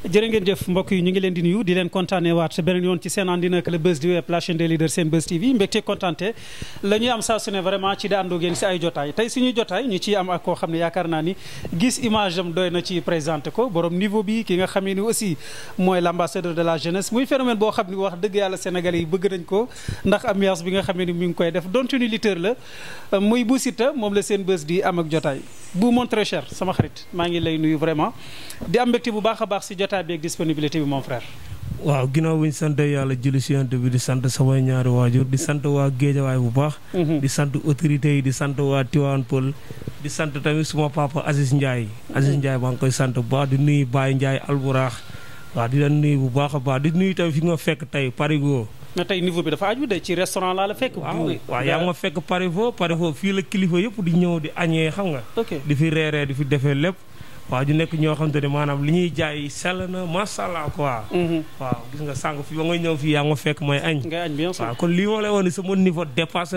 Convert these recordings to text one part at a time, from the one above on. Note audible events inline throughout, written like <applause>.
jërë ngeen jëf mbokk yi ñu ngi leen di nuyu di leen kontaane waat beneen yoon ci seen àndina ak le buzz di web la chaîne des leaders Senbuzz TV mbégte kontaante la ñuy am saa su ne vraiment ci di am ak ko borom niveau bi ki nga xamee ni aussi mooy l' ambassadeur de la jeunesse muy phénomène boo xam ni wax dëgg yàlla sénégalais yi bëgg nañ ko ndax ambiance bi nga xamee ni mi ngi koy def donte ni lutteur la muy bu Siteu moom la Senbuzz di am ak jotaay bu mon très cher sama xarit maa ngi lay nuyu vraiment di am mbégte bu baax a baax si jotaay état bi ak disponibilité bi mon frère. waaw ginnaaw bi ñu sant yàlla julli si bi di sant samay ñaari waajur di sant waa géejawaay bu baax. Mhm. di sant autorités yi di sant waa Tivaouane Peulh. di sant tamit suma papa Aziz Ndiaye. Aziz Ndiaye maa ngi koy sant bu baax di nuyu Baye Ndiaye alburaax waaw di leen nuyu bu baax a baax di nuyu tamit fi nga fekk tey Parigo. na tey niveau bi dafa aju de ci restaurant laa la fekk. waaw waaw yaa ma fekk Parigo Parigo fii la kilifa yëpp di ñëw di añee xam nga. waaw ñu nekk ñoo xamante ne maanaam li ñuy jaay sell na macha allah quoi. Mhm. waaw gis nga sànq fi ba nga ñëw fii yaa nga fekk mooy añ. ngay añ bien sûr waaw kon lii moo lay woon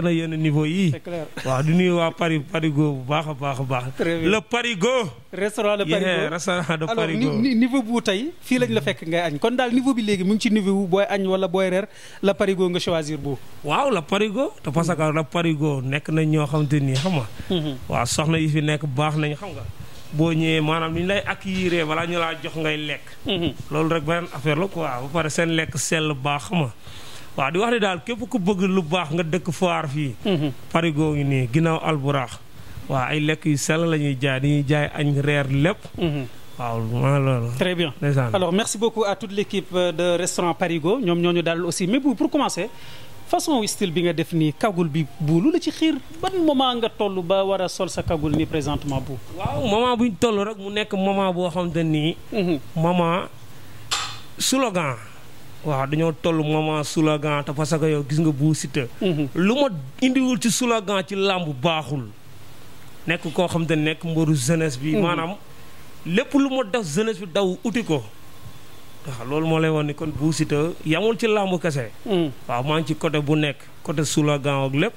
na yenn niveau yi. c'est clair waaw du nuyu waa Paris Parigo bu a baax a baax. le Parigo. restaurant de Parigo yeah restaurant de Parigo. alors niveau bu tey fii lañ la fekk ngay añ kon daal niveau bi léegi mu ngi ci niveau booy añ wala booy reer la Parigo nga choisir bu. waaw la Parigo te parce que la Parigo nekk nañ ñoo xamante ni xam nga. Mhm. waaw soxna yi fi nekk baax nañ xam nga. boo ñëwee maanaam li ñu lay accueillir balaa ñu laa jox ngay lekk. Mhm. loolu rek beneen affaire la quoi ba pare seen lekk sell baax ma waaw di wax ne daal képp ku bëgg lu baax nga dëkk foire fii. Mhm. parigo ngi nii ginnaaw alburaax waaw ay lekk yu sell lañuy ñuy di ñuy jaay añ reer lépp. Mhm. waaw maa loolu. très bien alors merci beaucoup à toute l' équipe de restaurant Parigo ñoom ñoo ñu daal aussi mais pour commencer. façon style bi nga def nii kagul bi bu lu la ci xiir ban moment nga toll ba war a sol sa kagul ni présentement bu. waaw moment bu ñu toll rek mu nekk moment boo xam ne nii. Mhm. moment slogan. waaw dañoo toll moment slogan te parce que yow gis nga Bou Siteu. Mhm. lu ma indiwul ci slogan ci làmb baaxul. nekk koo xam te nekk mbaru jeunesse bi. Mhm. maanaam lépp lu ma def jeunesse bi daw uti ko. waaw loolu moo lay woon ni kon Bou yamul ci làmb kese. Hmm. waaw maa ngi ci côté bu nekk côté slogan ak lépp.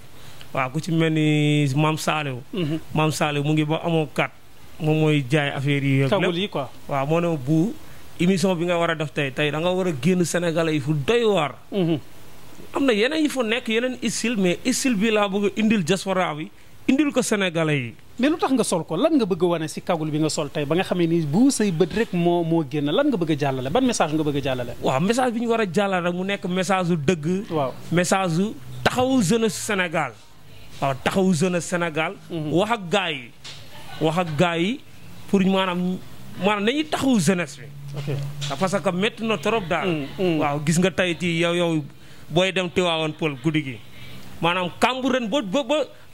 waaw ku ci mel ni maam Saliou. Hmm. maam Saliou mu ngi ba amoo kat moom mooy jaay affaire yi. ak lépp tagul quoi. waaw moo ne bu émission bi nga war a def tey tey da nga war a génn Sénégalais yi fu doy waar. Hmm. am na yeneen yi fu nekk yeneen istil mais istil bi laa bëgg indil diaspora bi. indil ko sénégalais yi. mais lu tax nga sol ko lan nga bëgg a si kagul bi nga sol tey ba nga xamee ni bu say bët rek moo moo génn lan nga bëgg a jàllale ban message nga bëgg a jàllale. waaw message bi ñu war a jàllale rek mu nekk message su dëgg. waaw message su taxawu jeunesse Sénégal. waaw taxawu jeunesse Sénégal. Mhm. wax ak gaa yi wax ak gaa yi pour maanaam maanaam nañuy taxawu jeunesse bi. parce que métti na trop daal. Mm, mm. waaw gis nga tey ci yow yow booy dem Tiwaawan Pël guddi gi maanaam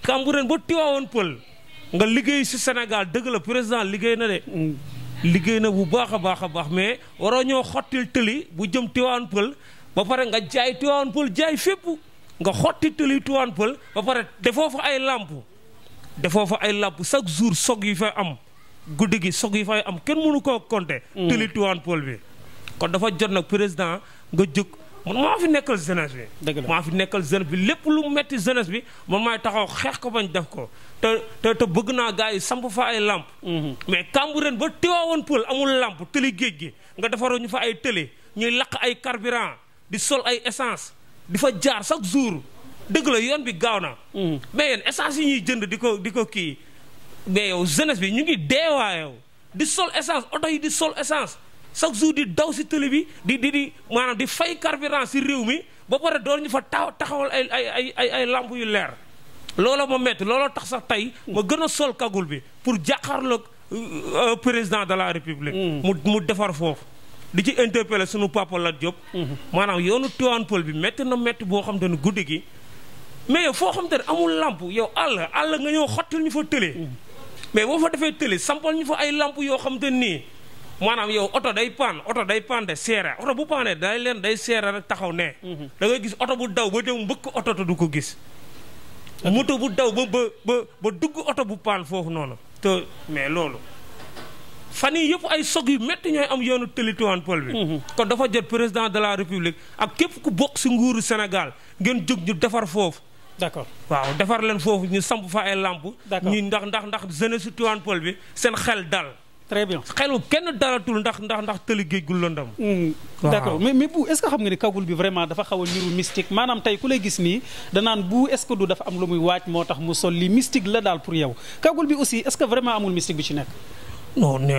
Cambérène ba Tiwaawoon pël nga liggéey si Sénégal dëgg la président liggéey na de liggéey na bu baax a baax a baax mais waroo ñoo xottil tëli bu jëm Tiwaawoon pël ba pare nga jaay Tiwaawoon pël jaay fépp nga xotti tëli Tiwaawoon pël ba pare defoo fa ay làmp defoo fa ay làmp chaque jours sog yi fay am guddi gi sog yi fay am kenn mënu koo compter. Mm. tëli Tiwaawoon pël bi kon dafa jot nag président nga jóg man maa fi nekkal jeunesse bi. dëgg la maa fi nekkal jeunesse bi lépp lu metti jeunesse bi moom maay taxaw xeex ko bañ def ko te te bëgg naa gars yi samp fa ay làmp mhm. mais Cambérène ba teewaawoon pël amul làmp tëli géej gi nga defaroo ñu fa ay tëli ñuy laq ay carburant di sol ay essence di fa jaar chaque jour dëgg la yoon bi gaaw na. Mhm. mais yéen essance yi ñuy jënd di ko di ko kii mais yow jeunesse bi ñu ngi deewaa di sol essence oto yi di sol essance chaque jour di daw si télé bi di di di maanaam di fay carburant si réew mi ba pare door ñu fa taw taxawal ay ay ay ay lamp yu leer looloo ma metti looloo tax sax tey ma gën a sol kagul bi pour jàkkaarloog euh, euh, président de la république mm. mu mu defar foofu di ci interpeller suñu papa la Diop mm-hmm. maanaam yoonu Tivaouane Peulh bi métti na métti boo xam te ne guddi gi mais yow foo xam te ne amul làmp yow àll àll nga ñëw xottil ñu fa télé mm. mais boo fa defee tële sampal ñu fa ay lamp yoo xam te nii maanaam yow oto day paan oto day paan de seera oto bu paanee day leen day seera rek taxaw ne mhm. da ngay gis oto bu daw ba dem mbëkk oto du ko gis moto bu daw ba ba ba dugg oto bu paan foofu noonu te mais loolu fan yii yëpp ay sog yu métti ñooy am yoonu tëli Tivaouane Peulh bi mhm. kon dafa jot président de la république ak képp ku bokk si nguuru Sénégal ngeen jóg ñu defar foofu d'accord waaw defar leen foofu ñu samp fa ay làmp ñu ndax ndax ndax jeunesse Tivaouane Peulh bi seen xel dal très bien xelu kenn dalatul ndax ndax ndax tëli géej gu lëndam hmm. d' accord mais mais bu est ce que xam nga ni kagul bi vraiment dafa xaw a niru maanaam tey ku lay gis nii danaan bu est ce que du dafa am lu muy waaj moo tax mu sol li mystique la daal pour yow kagul bi aussi est ce que vraiment amul mystique bi ci nekk non ne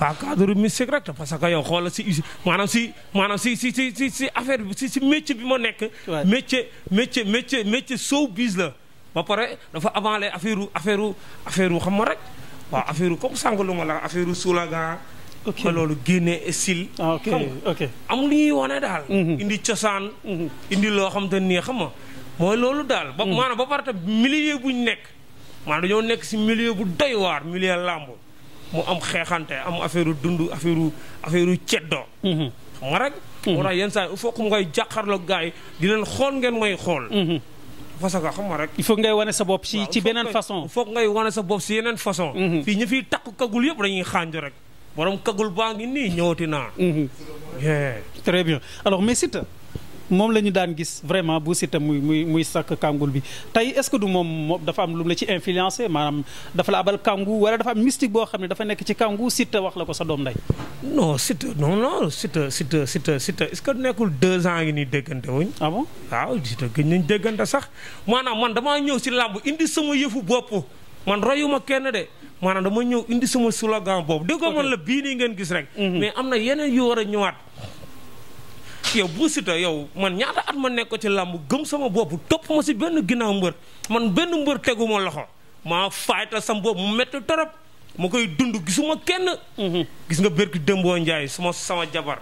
pas cadre mystique rek parce que yow xoola si maanaam si maanaam si si si si si affaire bi si si métier bi ma nekk. waaw métier métier métier métier showbiz la. ba pare dafa avant les affaire affaire affaire xam ma rek. waaw affaire comme sànq lu ma la affaire sulagan ok loolu génne style. am lu ñuy wane daal. Mhm. indi cosaan. Mhm. indi loo xam te nii xam nga mooy loolu daal. ba mhm. maanaam ba pare milieu bu nekk. maanaam dañoo nekk si millier bu doy waar milieu làmb mu am xeexante am affaire dund affaire affaire ceddoo. xam nga rek. moo tax yenn saa il faut mu koy jàkkaarloog gars di leen xool ngeen may xool. parce que xam nga rek. il ngay wane sa bopp si ci beneen façon. foog ngay wane sa bopp si yeneen façon. Mhm. fii ñu fiy takk kagul yëpp dañuy xànj rek borom kagul baa ngi nii ñëwati naa. Mhm. très bien alors mais Siteu moom la ñu daan gis vraiment bu Siteu muy muy muy sàkk kàngul bi tey est-ce que du moom moom dafa am lu mu la ci influencé maanaam dafa la abal kàngu wala dafa am mystique boo xam ne dafa nekk ci kàngu Siteu wax la ko sa doom nday non Siteu non non Siteu Siteu Siteu Siteu que nekkul deux ans ngi ni déggante wuñ ah bon waaw Siteu gën déggante sax maanaam man damaa ñëw si làmb indi sama yëfu bopp man royuma kenn de maanaam dama ñëw indi sama slogan boobu déggoo man la bii nii ngeen gis rek mhm. mais am na yeneen yu a ñëwaat yow Bou Siteu yow man ñaata at ma nekk ko ci làmb gëm sama bopp topp ma si benn ginnaaw mbër man benn mbër tegu ma loxo maa faytal sam bopp mu métti torop ma koy dund gisuma kenn. Mhm. gis nga bërki Dembo Ndiaye suma sama jabar.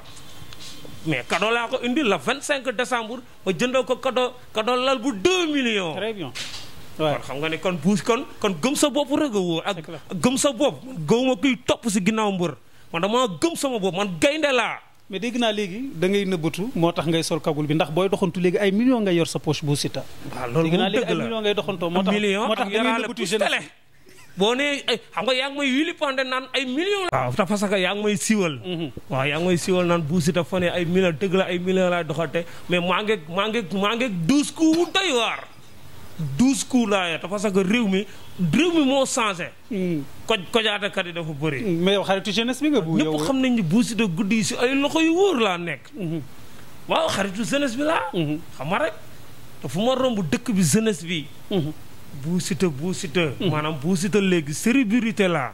mais cadeau laa ko indi la 25 décembre ma jëndoo ko cadeau cadeau lal bu 2 millions. très bien waaw xam nga ne kon buus kon kon gëm sa bopp rek a ak gëm sa bopp gëwuma kuy topp si ginnaaw mbër man dama gëm sama bopp man gaynde laa. mais dégg naa léegi da ngay nëbbatu moo tax ngay sol kagul bi ndax booy doxantu léegi ay millions ngay yor sa poche bu Siteu. waaw loolu moo tax nee eh, xam nga yaa ngi may wili pande naan ay millions la. yaa ngi may siiwal. Mm-hmm. waaw yaa ngi may siiwal naan bu Siteu fa ne ay millions dëgg la ay mais maa ngi maa ngi maa ngi douze coups doy waar. douze coups laa yor parce que réew mi réew mi moo changé. Hmm. ko kojaatakat yi dafa bëri. Hmm. mais yow xaritu jeunesse bi nga bu yow ñëpp xam nañ ne Bou Siteu guddi yi si ay loxo yu wóor laa nekk. Hmm. waaw xaritu jeunesse bi laa. xam nga rek te dëkk bi jeunesse bi. Bou Siteu Bou Siteu. maanaam Bou Siteu léegi célébrité laa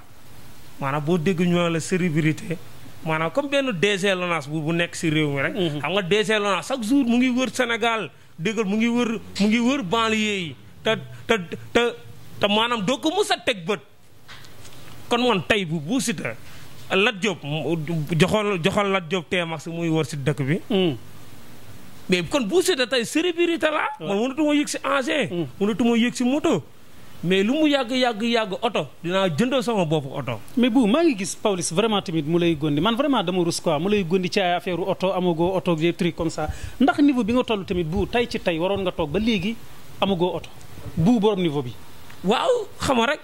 maanaam boo dégg ñu la célébrité. maanaam comme benn DG Lonase bu bu si réew mi rek. xam nga DG chaque jour mu ngi wër senegal déggal mu ngi wër mu ngi wër banlieue yi te te te te maanaam doo ko mës teg bët kon man tey bu bu Siteu Lat Diop joxol joxol Lat Diop teemax muy wër si dëkk bi hmm. mais kon bu Siteu tey célébrité la man mënatuma yëg si engin hmm. mënatuma yëg si moto mais lu mu yàgg yàgg yàgg oto dinaa jëndal sama bopp oto. mais bu maa ngi gis Pawlish vraiment tamit mu lay gondi man vraiment dama rus quoi mu lay gondi ci ay affaire oto amagoo oto ndax niveau bi nga toll tamit bu tey ci tey waroon nga toog ba léegi amagoo oto bu borom bi. waaw xam rek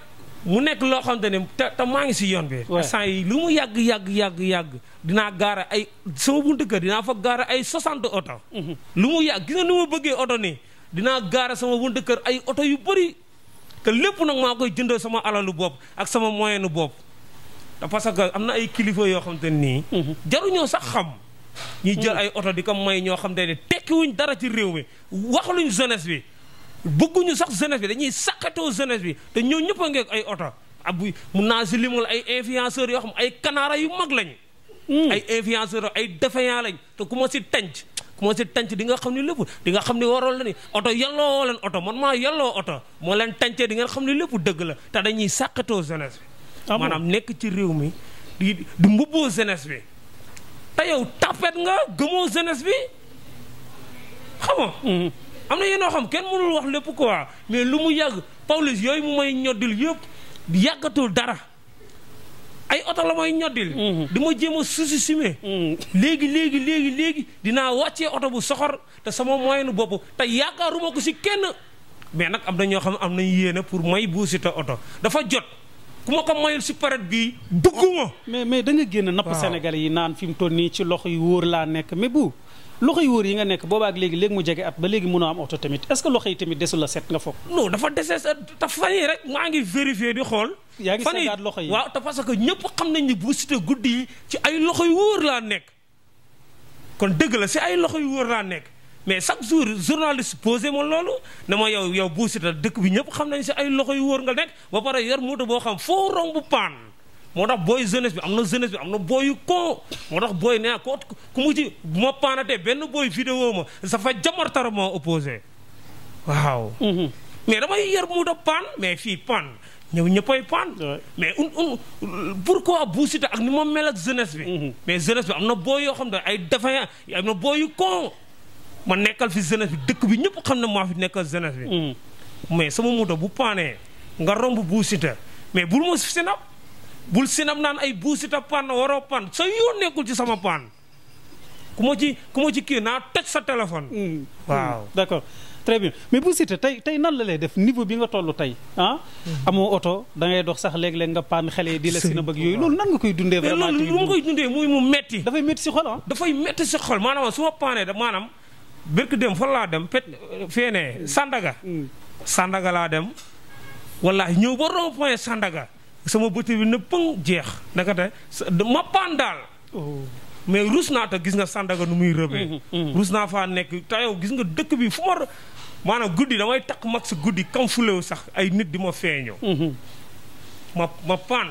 mu nekk loo xamante ne te maa ngi si yoon bi. waaw yi lu mu yàgg yàgg yàgg yàgg dinaa gaara ay sama buntu kër dinaa fa gaara ay 60 oto. Mhm. lu mu yàgg gis nga nu bëggee oto nii dinaa gaara sama buntu kër ay oto yu bëri. te lépp nag maa koy jëndal sama alalu bopp ak sama moyenu bopp te parce que am na ay kilifa yoo xam te nii mhm. jaruñoo sax xam ñuy mhm. jël ay oto di ko may ñoo xam te ne tekkiwuñ dara ci réew mi waxluñ jeunesse bi bëgguñu sax jeunesse bi dañuy sàkkatoo jeunesse bi te ñoo ñëpp a ngeeg ay oto abu mun naa si limal ay influenceurs yoo xam ay kanaara yu mag lañu mhm. ay influenceurs ay défaillant lañ te ku ma si tenc moo commencé tànc di nga xam ne lépp di nga xam ne waroon la ni oto yelloo leen oto man maa yelloo oto moo leen tàncee di ngeen xam ne lépp dëgg la te dañuy sàqatoo jeunesse bi maanaam nekk ci réew mi di di mbubboo jeunesse bi te yow tapet nga gëmoo jeunesse bi xam nga mm-hmm. am na yenoo xam kenn mënul wax lépp quoi mais lu mu yàgg Pawlish yooyu mu may ñoddil yëpp yàggatul dara ay oto la may ñoddil mm-hmm. di ma jéem a sous-estimer mm-hmm. léegi léegi léegi léegi dinaa wàccee oto bu soxor te sama moyenu bopp te yaakaaruma ko si kenn mais nag am na ñoo xam am nañ yéene pour may Bou Siteu oto dafa jot ku ma ko mayul si période bii dugguma mais mais da nga génn napp Sénégalais yi naan fi mu toll nii ci loxo yi wóor laa nekk mais bu loxo yi wóor yi nga nekk ak léegi léegi mu jege at ba léegi mënoo am oto tamit est que loxo yi tamit desul la set nga foog non dafa dese te fan yi rek maa ngi vérifier di xool yaa ngi seetaat loxo yi waaw te parce que ñëpp xam nañ ni bu Siteu guddi yi ci ay loxo yu wóor laa nekk kon dëgg la si ay loxo yu wóor laa nekk mais chaque jour journaliste posé ma loolu ne ma yow yow bu Siteu dëkk bi ñëpp xam nañ si ay loxo yu wóor nga nekk ba pare yor moto boo xam foo romb paan moo tax booy jeunesse bi am na jeunesse bi am na booy yu koo moo tax booy nee ko ku mu ci bu ma benn booy vidéo ma dafa jamartara moo opposé waaw. Mhm. damay yar mu da paan mais fii paan ñëw ñëppay paan. mais un un pourquoi ak ni ma mel ak bi. Mhm. mais jeunesse bi na booy yoo xam ne ay dafa am na booy koo ma nekkal fi jeunesse bi dëkk bi ñëpp xam ne maa fi nekkal jeunesse bi. Mhm. mais sama moto bu paanee nga romb Bou Siteu mais bul ma sinap. bul sinam naan ay buusita pan waroo pan sa yoon nekkul ci sama paan ku ma ci ku ma ci kii naa toj sa téléphone. Hmm. Hmm. waaw d'accord très bien mais bu Siteu tey tey nan la lay def niveau bi nga toll tey ah. Hmm. amoo oto da dox sax léeg-léeg nga paan xale di la si na bëgg yooyu loolu nan nga koy dundee. vraiment loolu mu koy dundee muy mu metti dafay metti si xol ah. dafay metti si xol maanaam su ma paanee maanaam birk dem fan laa dem pet feenee Sandaga. Sandaga laa dem wallaahi ñëw Sandaga. sama bëti bi ne jeex naka te ma paan daal oh. mais rus naa te gis nga Sandaga nu muy rëbee mm-hmm, mm-hmm. rus naa faa nekk te gis nga dëkk bi fu ma maanaam guddi damay takk mag sa guddi kam fulewu sax ay nit di ma feeñoo mm-hmm. ma ma paan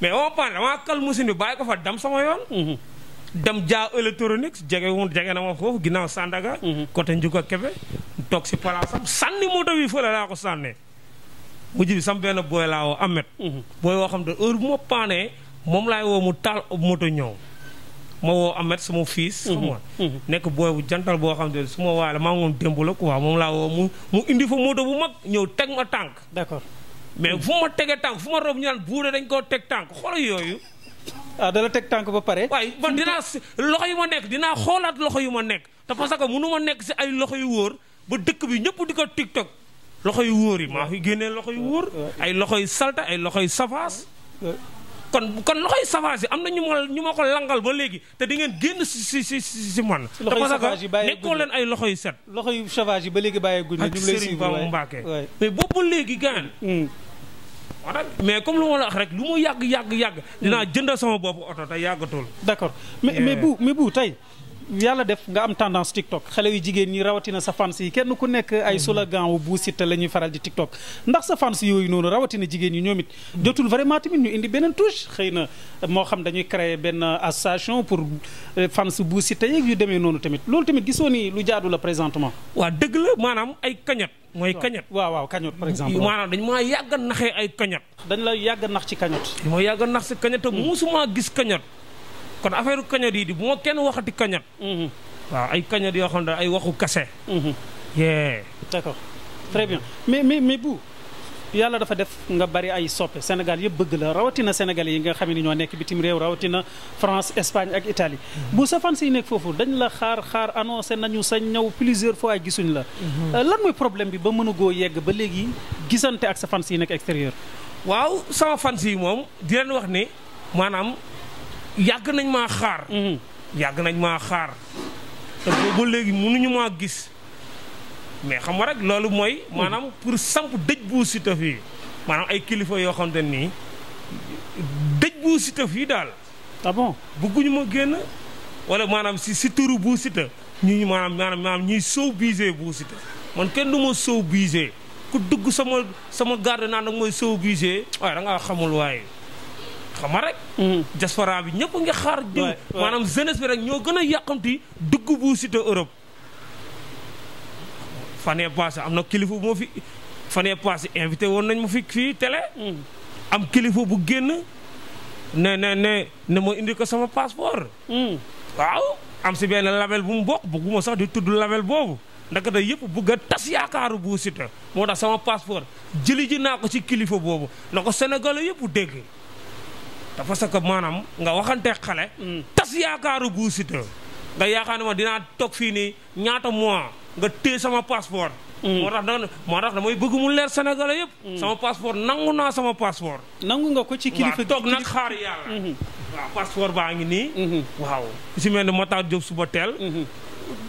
mais ma paan damaa kal machine bi bàyyi ko fa dam sama yoon dem jaa électronique jege jege na ma foofu ginnaaw Sandaga côté Njuga Kebe toog si palaasam sànni moto bi fële laa ko sànnee mujj bi sama benn booy laa woo Ahmed. Mhm. booy woo xam ne heure bu ma paanee moom laay woo mu taal moto ñëw. ma woo Ahmed sama fils. Mhm. xam mhm. nekk booy jantal boo xam ne su ma waay la maa ngi moom démb la quoi moom laa woo mu mu indi fa moto bu mag ñëw teg ma tànk. d'accord mais fu ma tegee tànk fu ma rob ñu naan buure dañ koo teg tànk xool yooyu. ah teg tànk ba pare. waaye ba dinaa loxo yu ma nekk dinaa xoolaat loxo yu ma nekk te parce que mënu ma nekk si ay loxo yu wóor ba dëkk bi ñëpp di ko tiktok. loxo yu wóor yi maa fi génnee loxo yu wóor ay loxo yu salta ay loxo yu safaas kon kon loxoy safaas yi am na ñu ma ñu ma ko langal ba léegi te di ngeen génn si si si man. te parce que nekkoo leen ay loxo yu set. loxo yu safaas yi ba léegi bàyyeeguñ ñu ngi lay suivre ak Serigne Bamba Mbacké mais boobu ba léegi hmm. mais comme lu ma la rek lu mu yàgg yàgg yàgg. dinaa hmm. jëndal sama bopp oto te yàggatul. d'accord mais mais bu mais bu tey. yàlla def nga am tendance TikTok xale yu jigéen ñi rawatina sa fans yi kenn ku nekk ay mm-hmm. slogan wu Bou Siteu la ñuy faral di TikTok ndax sa fans yooyu noonu rawatina jigéen ñi ñoomit it mm-hmm. jotul vraiment tamit ñu indi benn touche xëy na moo xam dañuy créer benn association pour euh, fans bu Siteu yeeg yu demee noonu tamit loolu tamit gisoo nii lu jaadu la présentement. waa dëgg la maanaam ay cagnotte. mooy cagnotte waaw waaw cagnotte par exemple. maanaam dañ maa yàgg a naxee ay cagnotte. dañ la yàgg a ci cagnotte. dañ ma yàgg a nax si cagnotte te mm. gis cagnotte. kon affaire kañat yi di bu ma kenn waxati kañat. Mhm. waaw ay kañat yoo xam ne ay waxu kase. Mhm. yee. d'accord très bien mais mais mais bu yàlla dafa def nga bari ay soppe Sénégal yëpp bëgg la rawatina Sénégalais yi nga xam ne ñoo nekk bitim réew rawatina France Espagne ak Italie. Mhm. bu sa fan siy nekk foofu dañ la xaar xaar annoncé nañu sa ñëw plusieurs fois gisuñ la. Euh, lan mooy problème bi ba mënu yegg ba léegi gisante ak sa fan siy nekk extérieur. waaw sama fan yàgg nañ maa xaar. Mhm. yàgg nañ maa xaar te boobu léegi mënuñu maa gis mais xam nga rek loolu mooy. maanaam pour samp dëj bu Siteu fii maanaam ay kilifa yoo xam nii dëj bu Siteu fii daal. ah bon bëgguñu ma génn wala maanaam si si turu bu Siteu ñuy maanaam maanaam maanaam ñuy sow biisee bu Siteu man kenn du ma sow biisee ku dugg sama sama garde naan nag mooy sow biisee waaye da ngaa xamul waaye. xam rek. Mm. diaspora bi ñëpp nga xaar. waay maanaam jeunesse bi rek ñoo gën a yàqamti dugg bu Siteu Europe. fan yee am na kilifa moo fi fan yee invité woon nañ ma fi fii télé. Mm. am kilifa bu génn ne ne ne ne ma indi ko sama passeport. Mm. waaw am si benn label bu mu bokk bugguma sax di tudd label boobu. ndaka da yëpp bëgg a tas yaakaaru Bou Siteu moo tax sama passeport jëli ji naa ko ci kilifa boobu na ko Sénégalais yëpp dégg. parce que maanaam nga waxante xale. Mm. tas yaakaaru Bou Siteu nga yaakaar ne ma dinaa toog fii nii ñaata mois nga téye sama passeport. Mm. moo tax da moo tax damay bëgg mu leer Sénégalais yëpp. Mm. sama passeport nangu naa sama passeport. nangu nga ko ci kilifa toog nag xaar yàlla. Mm-hmm. waaw passeport baa ngi nii. Mm-hmm. waaw si mel ne Matar Diop suba teel. Mm-hmm.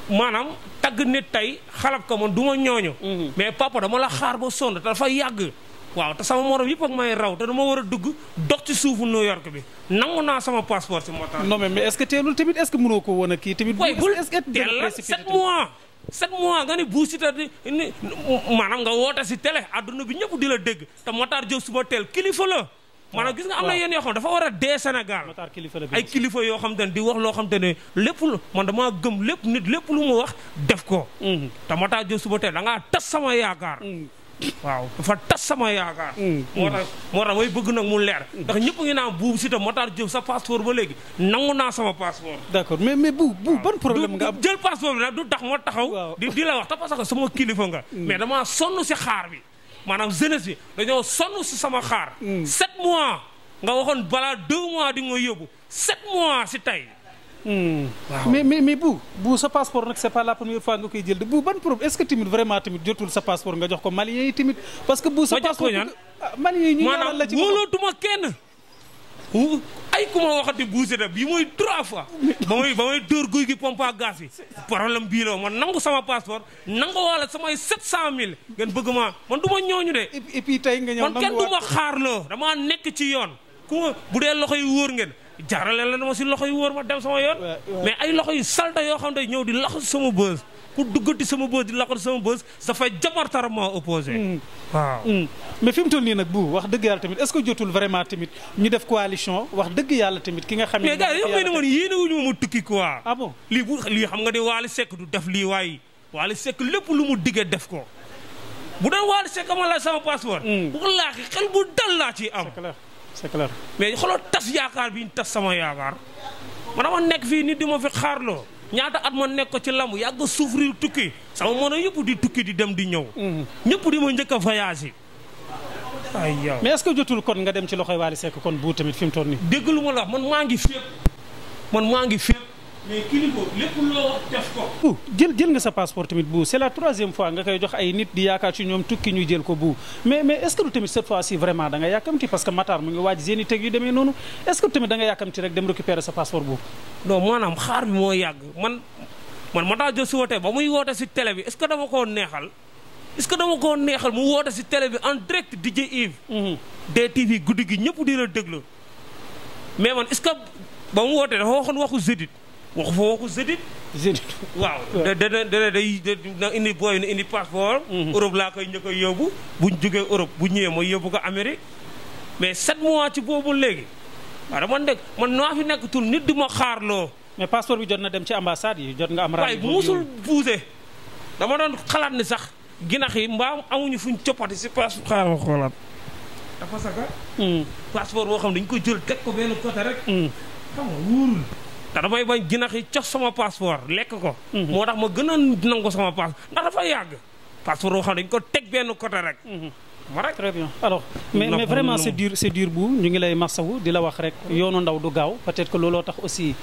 maanaam tagg nit tey xalab ko man du ma ñooñu. mais papa dama la xaar ba sonn te dafa yàgg. waaw te sama morom yëpp ak may raw te dama war a dugg dox ci suufu New York bi nangu naa sama passeport si moo tax. non mais mais est-ce que teelul tamit est-ce que mënoo ko woon a kii tamit. bul est-ce que teel la 7 mois. sept nga ne Bou si télé adduna bi ñëpp di la dégg te Matar Diop suba teel kilifa la. maanaam gis nga am na yenn yoo xam dafa war a dee Sénégal. ay kilifa yoo xam te ne di wax loo xam te ne lépp lu damaa gëm lépp nit lépp lu mu wax def ko. Mm-hmm. te Matar Diop suba teel da ngaa tas sama yaakaar. Mm-hmm. waaw dafa tas sama yaakaar. Mm, mm. moo tax moo tax way bëgg nag mu leer. ndax ñëpp ngi naa buubu si te Matar Diop sa passeport ba léegi nangu naa sama passeport. d'accord mais mais bu bu ban problème nga am. jël passeport bi nag du tax moo taxaw. di di la wax te parce que sama kilifa nga. Mm. mais damaa sonn si xaar bi maanaam jeunesse bi dañoo sonn si sama xaar. 7 mois nga waxoon balaa 2 mois di nga yóbbu 7 mois si tey. Hmm. waaw mais mais mais bu bu sa passeport nag c' est pas la première fois nga koy jël de bu ban problème est ce que tamit vraiment tamit jotul sa passeport nga jox ko Malien yi tamit. parce que bu sa ah, passeport Malien yi ñu ñaanal la ci maanaam ay ku ma waxati buuse da bii mooy trois fois ba may ba may guy gi pompa à gaz bi problème bii la ma nangu sama passeport nangu wala samay sept cent mille ngeen bëgg ma man du ma ñooñu de. et nga ñëw man kenn du xaar loo damaa nekk ci yoon ku bu dee loxo yi wóor ngeen. jaarale leen ma si loxo yu wóor ma dem sama yoon. mais ay loxo yu salta yoo xam ne ñëw di laxu sama bës pour duggati sama bës di laxu sama bës dafay jabartarement opposé. Mm. waaw. Mm. mais fi nii nag bu wax dëgg yàlla tamit est que jotul vraiment tamit ñu def coalition wax dëgg yàlla tamit ki nga xam ne. mais gars yi yow mu tukki quoi. ah bon lii bu lii xam nga ne Waly du def lii waaye Waly Seck lépp lu mu diggee def ko bu doon Waly Seck amal la sama passeport. Mm. wallaahi xel bu dal laa ci am. c'est clair mais xoolal tas yaakaar bi ñu tas sama yaakaar man ma nekk fii nit di ma fi xaarloo ñaata at ma nekk ko ci lamb yàgg souffrir tukki sama mën a yëpp di tukki di dem di ñëw. Mhm. ñëpp di ma njëkk a voyage yi. ay yow mais est jotul kon nga dem ci loxoy Wally Seck kon bu tamit fi mu toll nii. dégg ma la man maa ngi fépp man maa ngi fépp. mais Kilico lépp loo wax def ko. jël jël nga sa passeport tamit bu c'est la troisième fois nga koy jox ay nit di yaakaar ci ñoom tukki ñu jël ko bu mais mais est-ce tamit cette nga yàkkamti parce que Matar mu ngi waaj Zénith teg yu demee rek dem récupérer sa passeport bu non maanaam xaar bi moo yàgg man man Matar Diop su wootee ba muy woote si télé bi est-ce que dama koo neexal est-ce que dama koo neexal mu woote si télé bi en direct DJ Yves. Mm-hmm. DTV guddi gi ñëpp di la déglu mais man est-ce que ba mu wootee dafa waxoon waxu Zénith. waxu fa waxu zénit. zénit waaw. <laughs> da da da day na indi booy na indi passeport. Mhm. Europe laa koy njëkk a yóbbu. buñ jógee Europe bu ñëwee mooy yóbbu ko Amérique mais 7 mois ci boobu léegi. waaw dama nekk man naa fi nekk tul nit du ma xaarloo. mais passeport bi jot na dem ci ambassade yi jot nga am. raadu waaye musul buuse dama doon xalaat ni sax ginax yi mbaa amuñu fuñ coppati si passeport. xaaral xoolaat. dafa sax hmm. passeport boo xam dañu ko jël teg ko benn côté rek. Hmm. xam nga wóorul. te damay bañ ginax yi cox sama passeport lekk ko. Mhm. moo tax ma gënoon nangu sama passeport ndax dafa yàgg. passeport boo xam ne dañu ko teg benn côté rek. Mhm. ma rek très mais mais vraiment c'est dur c'est bu ñu ngi lay masawu di la wax rek yoonu ndaw du gaaw peut-être que looloo tax aussi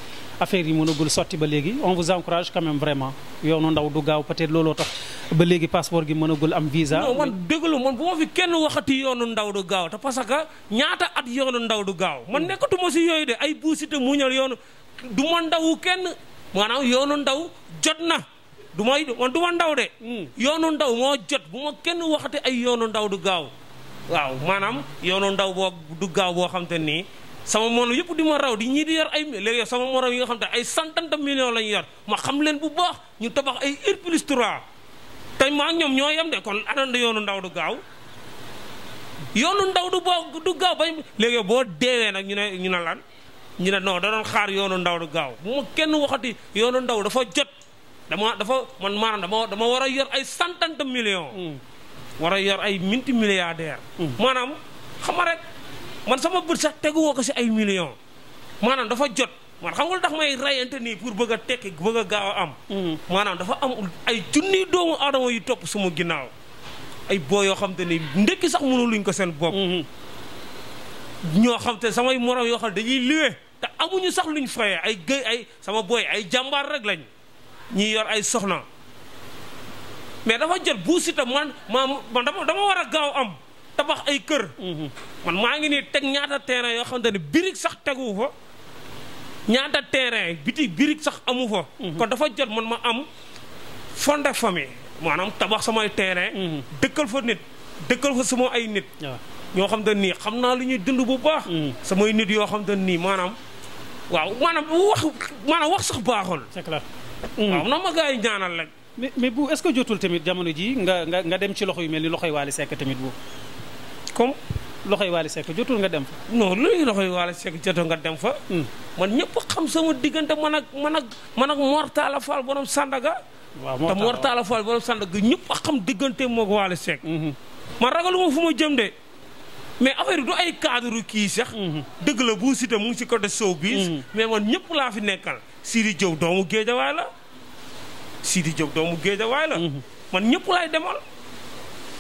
affaire yi mënagul sotti ba léegi on vous encourage quand même vraiment ndaw du gaaw peut-être looloo tax ba léegi passeport gi mënagul am visa. non man déglu man bu ma fi kenn waxati yoonu ndaw du gaaw te parce que ñaata at yoonu ndaw du gaaw man nekkatuma si yooyu de ay buusite muñal yoonu. du ma ndawu kenn maanaam yoonu ndaw jot na du may duma ndaw de hmm. yoonu ndaw moo jot bu ma kenn waxati ay yoonu ndaw du gaaw waaw maanaam yoonu ndaw boo du gaaw boo xam nii sama morom yëpp di ma raw di ñii di ay sama morom yi xam te ay centaine de millions lañu yor ma xam leen bu baax ñu tabax ay R plus 3 ñoom ñoo yem de kon ananda yoonu ndaw du gaaw yoonu ndaw du boo du boo deewee nag ñu ne ñu ne lan ñu ne non da doon xaar yoonu ndaw du gaaw bu ma kenn waxati yoonu ndaw dafa jot dama dafa man maanaam dama dama war a yor ay centaine de millions. Mm. war a yor ay minti milliardaire mm. maanaam xam ma rek man sama bët sax teguwoo ko si ay millions maanaam dafa jot man xam nga lu may reyante nii pour bëgg a tekki bëgg a gaaw a am. Mm. maanaam dafa am ay junniy doomu aadama yu topp suma ginnaaw ay boo yoo xam te ni ndekki sax mënu luñ ko seen bopp. Mm-hmm. ñoo xam te samay morom yoo xam dañuy liwe. te amuñu sax luñ foyee ay gëy ay sama booy ay jàmbaar rek lañ ñi yor ay soxna mais dafa jot Bou Siteu man man dama dama war a gaaw am tabax ay kër. Mhm. man maa ngi nii teg ñaata terrain yoo xamante ne birig sax tegu fa ñaata terrain biti birig sax amu fa. Mhm. kon dafa jot man ma am fondé famille maanaam tabax samay terrain. Mhm. dëkkal fa nit dëkkal fa sama ay nit. ñoo xam te nii xam naa lu ñuy dund bu baax. samay nit yoo xam te nii maanaam. waaw maanaam wax maanaam wax sax baaxul. c'est clair. Mm. waaw na ma gars yi ñaanal rek. mais mais bu est-ce que jotul tamit jamono ji nga nga nga dem ci loxo yu mel ni loxoy Waly Seck tamit bu comme loxoy Waly Seck jotul nga dem fa. non luy loxoy Waly Seck jotoo nga dem fa. Mm. man ñëpp xam sama diggante man ak man ak man ak Mor Talla Fall borom Sandaga. waaw Mor Talla Fall borom ñëpp a xam diggante moog Waly Seck. Mm-hmm. man ragaluma fu ma jëm de. mais affaire du ay cadre kii sax. Mhm. dëgg la bu Siteu mu ngi si côté showbiz. Mhm. mais man ñëpp laa fi nekkal. sii di jëw doomu Géejawaay la di Diop doomu Géejawaay la. Mhm. man ñëpp laay demal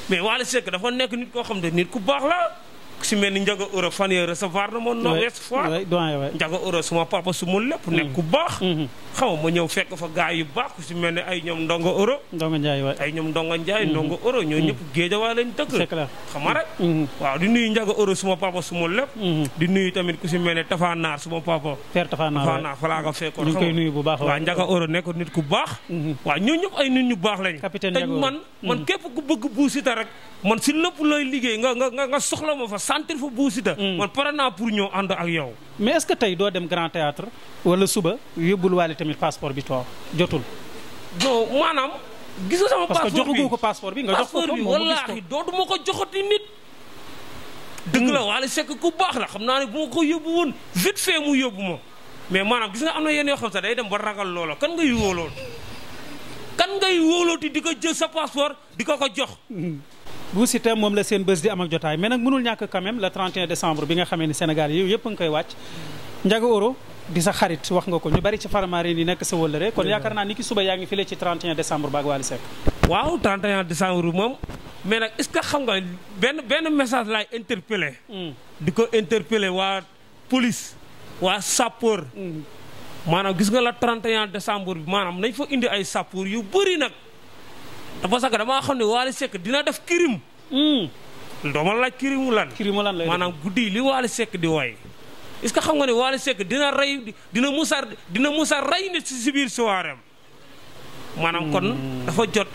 mais Wally Seck dafa nekk nit koo xam ne nit ku baax la. ku si mel ni Ndiaga Euro fan yee recevoir na ma. non est fois Ndiaga suma papa su ma lépp. Mm. nekk ku baax. Mm-hmm. xam nga ma ñëw fekk fa gars yu baax ku si mel ne ay ñoom Ndongo Euro. Ndongo Ndiaye waay ay ñoom Ndongo Ndiaye. Mm-hmm. Ndongo Euro ñoo mm-hmm. ñëpp géejawaay dëkk. c'est rek. waaw di nuyu Ndiaga Euro suma papa su lépp. di nuyu tamit ku si mel ne Tafanaar suma papa. père Tafanaar waay fa laa ko fekkoon. ñu ngi koy nuyu bu baax waaw Ndiaga Euro nekk nit ku baax. waaw ñoo ñëpp ay nit ñu baax lañ. capitaine man man képp ku bëgg sentir fa Bou Siteu mm. man pare naa pour ñëw ànd ak yow. mais est que tey doo dem grand théâtre wala suba yóbbul waale tamit passeport bi toog jotul. non maanaam. gis nga sama passeport bi parce que ko passeport bi nga jox ko moom wallaahi dootuma ko joxati nit. dëgg la mm. Wally Seck ku baax la xam naa ne bu ma ko yóbbu woon vite fait mu yóbbu ma mais maanaam gis nga am na yenn yoo xam sax day dem ba ragal loola kan ngay wóoloon kan ngay wóolooti di ko jël sa passeport di ko ko jox. Mm. bu Siteu moom la seen bés di am ak jotaay mais nag mënul ñàkk quand même le 31 bi nga xamee ni Sénégal yi yëpp a koy wàcc Ndiaga Euro di sa xarit wax nga ko ñu bari ci faramarin yi nekk sa wëllëre kon yaakaar naa ni ki suba yaa ngi file ci 31 décembre baag Wally Seck waaw 31 décembre moom mais nag est-ce xam nga benn benn message laay interpellé hmm. di ko interpellé waa police waa sapeur hmm. maanaam gis nga la 31 décembre bi maanaam nañ fa indi ay sapeur yu bëri nag dafa parce damaa xam ne Wally sekk dina def kirim. Hmm. dooma laaj kirimu lan. kirimu lan lay maanaam guddi li waal sekk di woy est-ce que xam nga ne Wally Seck dina rey dina musa dina musa rey nit si biir soirée maanaam kon hmm. dafa jot.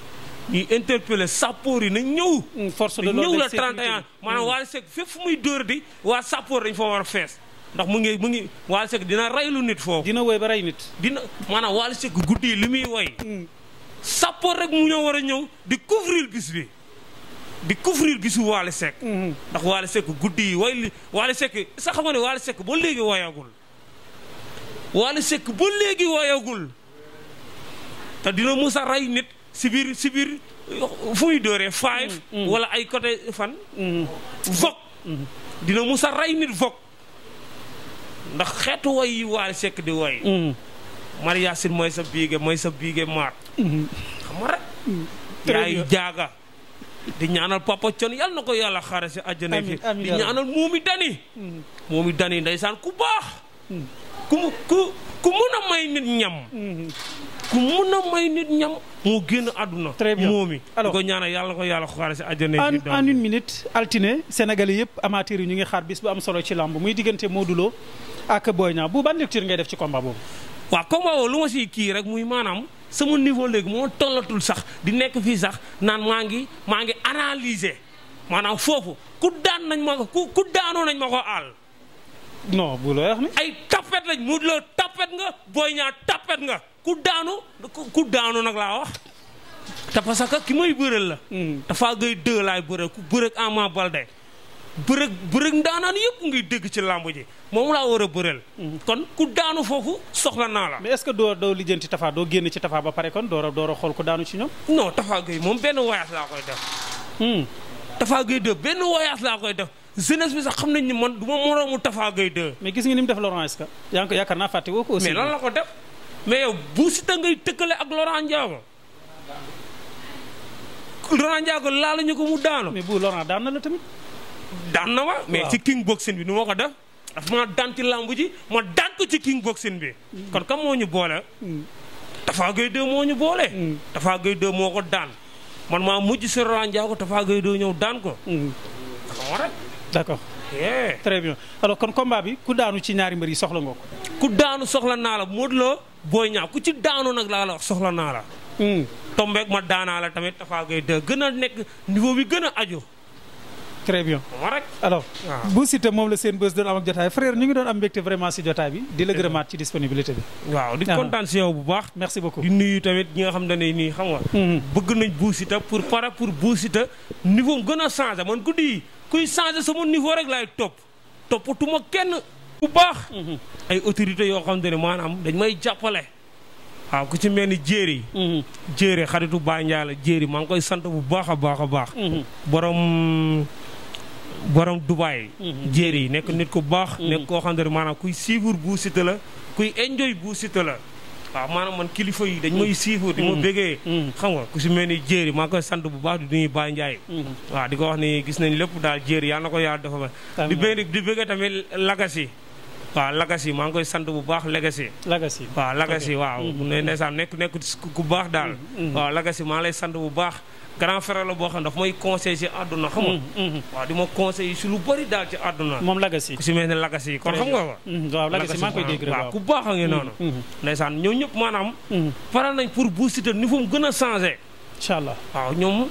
ñuy interpellé sappoor yi na ñëw. Hmm, force de l'ordre ñëw la 31 maanaam waal Seck fépp fu muy dóor di waa sappoor dañ fa war fees ndax mu ngi mu ngi Wally Seck dina rey lu nit foofu. dina woy ba rey nit. dina maanaam Wally Seck guddi li muy woy. sapo rek mu ñëw war a ñëw di couvrir bis bi di couvrir bisu Waly Seck mhm. ndax Waly Seck guddi yi way li Waly sax xam nga ne Waly Seck ba léegi wayagul Waly Seck ba léegi wayagul te dina mus a nit si biir si uh, fu muy dooree five mhm. mhm. walla ay côté fan vog dina mus a rey nit vog ndax xeetu way yi Waly Seck di way Marie mooy sa biige mooy sa biige maat. Mhm. xam nga mhm. di ñaanal papa Thion yal na ko yàlla xaare si àjjana fi di ñaanal muumi dani. muumi dani a nit ñam. Mhm. a may nit ñam. moo génn àdduna. très bien yàlla ko yàlla xaare si àjjana fi yëpp amateurs yi ñu ngi xaar bis bu am solo ci làmb muy diggante Modou Lo ak Boy Niang bu ban lecture ngay def ci komba boobu. waaw combat woo lu ma siy kii rek muy maanaam sama niveau léegi moo tollatul sax di nekk fii sax naan maa ngi maa ngi analyser maanaam foofu ku daan nañ ma ko ku ku daanoo nañ ma ko àll. non bu la wax ni ay tapet lañ mu la tapet nga booy ñaa tapet nga ku daanu ku daanu nag laa wax. te parce que ki may bëreel la. Hmm. dafaa gëy dëë laay bëreel ku bëreel Ama Baldé bërëg bërëg ndaanaan yëpp ngi dégg ci làmb ji moom laa war a bëreel. Mhm. kon ku daanu foofu soxla naa la. mais est-ce que doo doo lijjanti Tafa doo génn ci tafaa ba pare kon door a door xool ku daanu ci ñoom. noo Tafa Gueye moom benn voyage laa koy def. Hmm. Tafa Gueye de benn voyage laa koy def. jeunesse bi sax xam nañ ni man du ma moroomu Tafa Gueye 2. mais gis nga ni mu def Laurent Esca. yaakaar naa fàtte woo ko aussi. mais lan la ko def mais yow bu Siteu ngay tëkkale ak Laurent Ndiago. Laurent Ndiago laaluñu ko mu daanu. mais bu daan la tamit. daan na ma. mais ci king boxing bi nu ma ko def. daf ma daan ci làmb ji ma daan ko ci king boxing bi. kon kam moo ñu boole. Tapha Gueye 2 moo ñu boole. Tapha Gueye 2 moo ko daan. man maa mujj si Laurent Ndiago Tapha Gueye ñëw daan ko. xam kon combat bi ku daanu ci ñaari mbër yi soxla nga ko. ku daanu soxla naa la Modou Lo Boy Niang ku ci daanu nag laa la soxla naa la. Hmm. tombeek ma daanaa la tamit Tapha Gueye 2 gën a nekk niveau bi gën a aju. très bien moo rek alors ah. bu Siteu moom la seen bés doon am ak jotaay frère ñu ngi doon am mbégte si jotaay bi di la gërëmaat ci disponibilité bi waaw di ah. kontaan si yow bu baax merci beaucoup di nuyu tamit ñi nga xam ne nii xam nga mm-hmm. bëgg nañ bu pour para pour bu Siteu niveau gën a changé man guddi yi kuy changé sama niveau rek laay topp toppatuma kenn bu baax mm-hmm. ay autorités yoo xam ne maanaam dañ may jàppale waaw ku ci mel ni jéeri mm-hmm. jéeri xaritu Ba Ndiaye la jéeri maa ngi koy sant bu baax a baax a baax borom Dubaay. jéer yi nekk nit ku baax. Mhm. nekk koo xam ne maanaam kuy suivre Bou Siteu la kuy enjoy Bou Siteu la. waaw maanaam man kilifa yi dañ may suivre di ma mhm. bëggee. Mhm. xam nga ku si mel ni jéeri maa koy sant bu baax di nuyu Baye Ndiaye. waaw di ko wax ni gis nañ lépp daal jéeri yàlla na ko yàlla dafa ba di bëgg di bëggee tamit lagasi. waaw lagasi maa ngi koy sant bu baax lagasi. lagasi waaw lagasi waaw. bu ne ndeysaan nekk nekk ku baax daal. waaw lagasi maa ngi lay sant bu baax. grand frère boo xam ne daf may conseil ci àdduna xam nga mm, mm, mm. waaw di ma conseil ci lu bëri daal ci àdduna moom lagasi ku si mel ne lagasi kon xam nga waaw ku baax a ngi noonu ndeysaan ñoom ñëpp maanaam pare nañ pour bu Siteu ni fu mu gën a changé incha allah waaw ñoom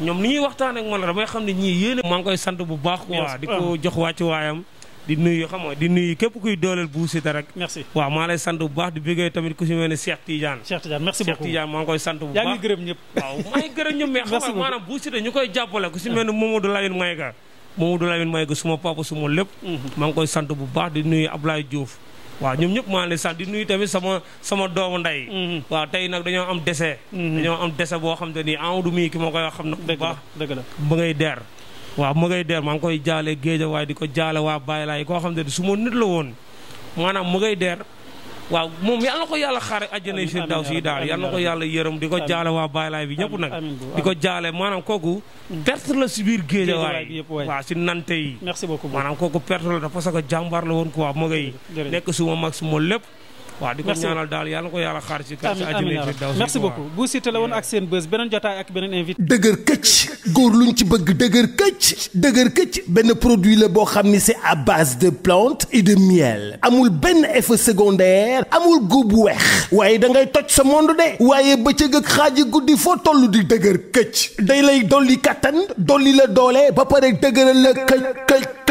ñoom ni ñuy waxtaan ak man la damay xam ne ñii yéene maa ngi koy sant bu baax quoi di ko ah. jox wàccu waayam di nuyu xam nga di nuyu képp kuy dooleel Bou Siteu rek. waaw maa lay sant bu baax di bëggee tamit ku si mel ne Cheikh Tidiane. Cheikh maa ngi koy sant bu baax maa ngi <laughs> maanaam Bou Siteu ñu koy jàppale ku si mel ne Mamadou Lamine Mayga Mamadou Lamine Mayga suma mhm. koy sant bu baax di nuyu Ablaye Diouf. waaw ñoom ñëpp maa ngi lay sant di nuyu tamit sama sama doomu ndey. Mhm. waaw tey nag dañoo am dese. Mhm. dañoo am dese boo xam te ni Amadou mii ki ma koy xam na bu baax ba ngay der waaw mu ngay der maa ngi koy jaale géeja waaye di ko jaale waa Baye Laay koo xam ne su ma nit la woon maanaam mu ngay der waaw moom yal na ko yàlla xaare àjjana seen daw si daal yal na ko yàlla yërëm di ko jaale waa Baye Laay bi ñëpp nag di ko jaale maanaam kooku mm. perte la si biir géeja waay waaw si nante yi merci beaucoup maanaam kooku perte la dafa parce que jàmbaar la woon quoi mu ngay nekk suma mag suma lépp waaw di ko ñaanal daal yàlla ko yàlla xaar ci kër ci àjjana fi daw merci beaucoup bu Siteu la woon ak seen bës beneen jotaay ak beneen invité dëgër këcc góor luñ ci bëgg dëgër këcc dëgër këcc benn produit la boo xam ni c'est à base de plantes et de miel amul benn effet secondaire amul góob bu weex waaye da ngay toj sa monde de waaye bëccëg ak xaaj guddi foo toll di dëgër këcc day lay dolli kattan dolli la doole ba pare dëgëral la këcc këcc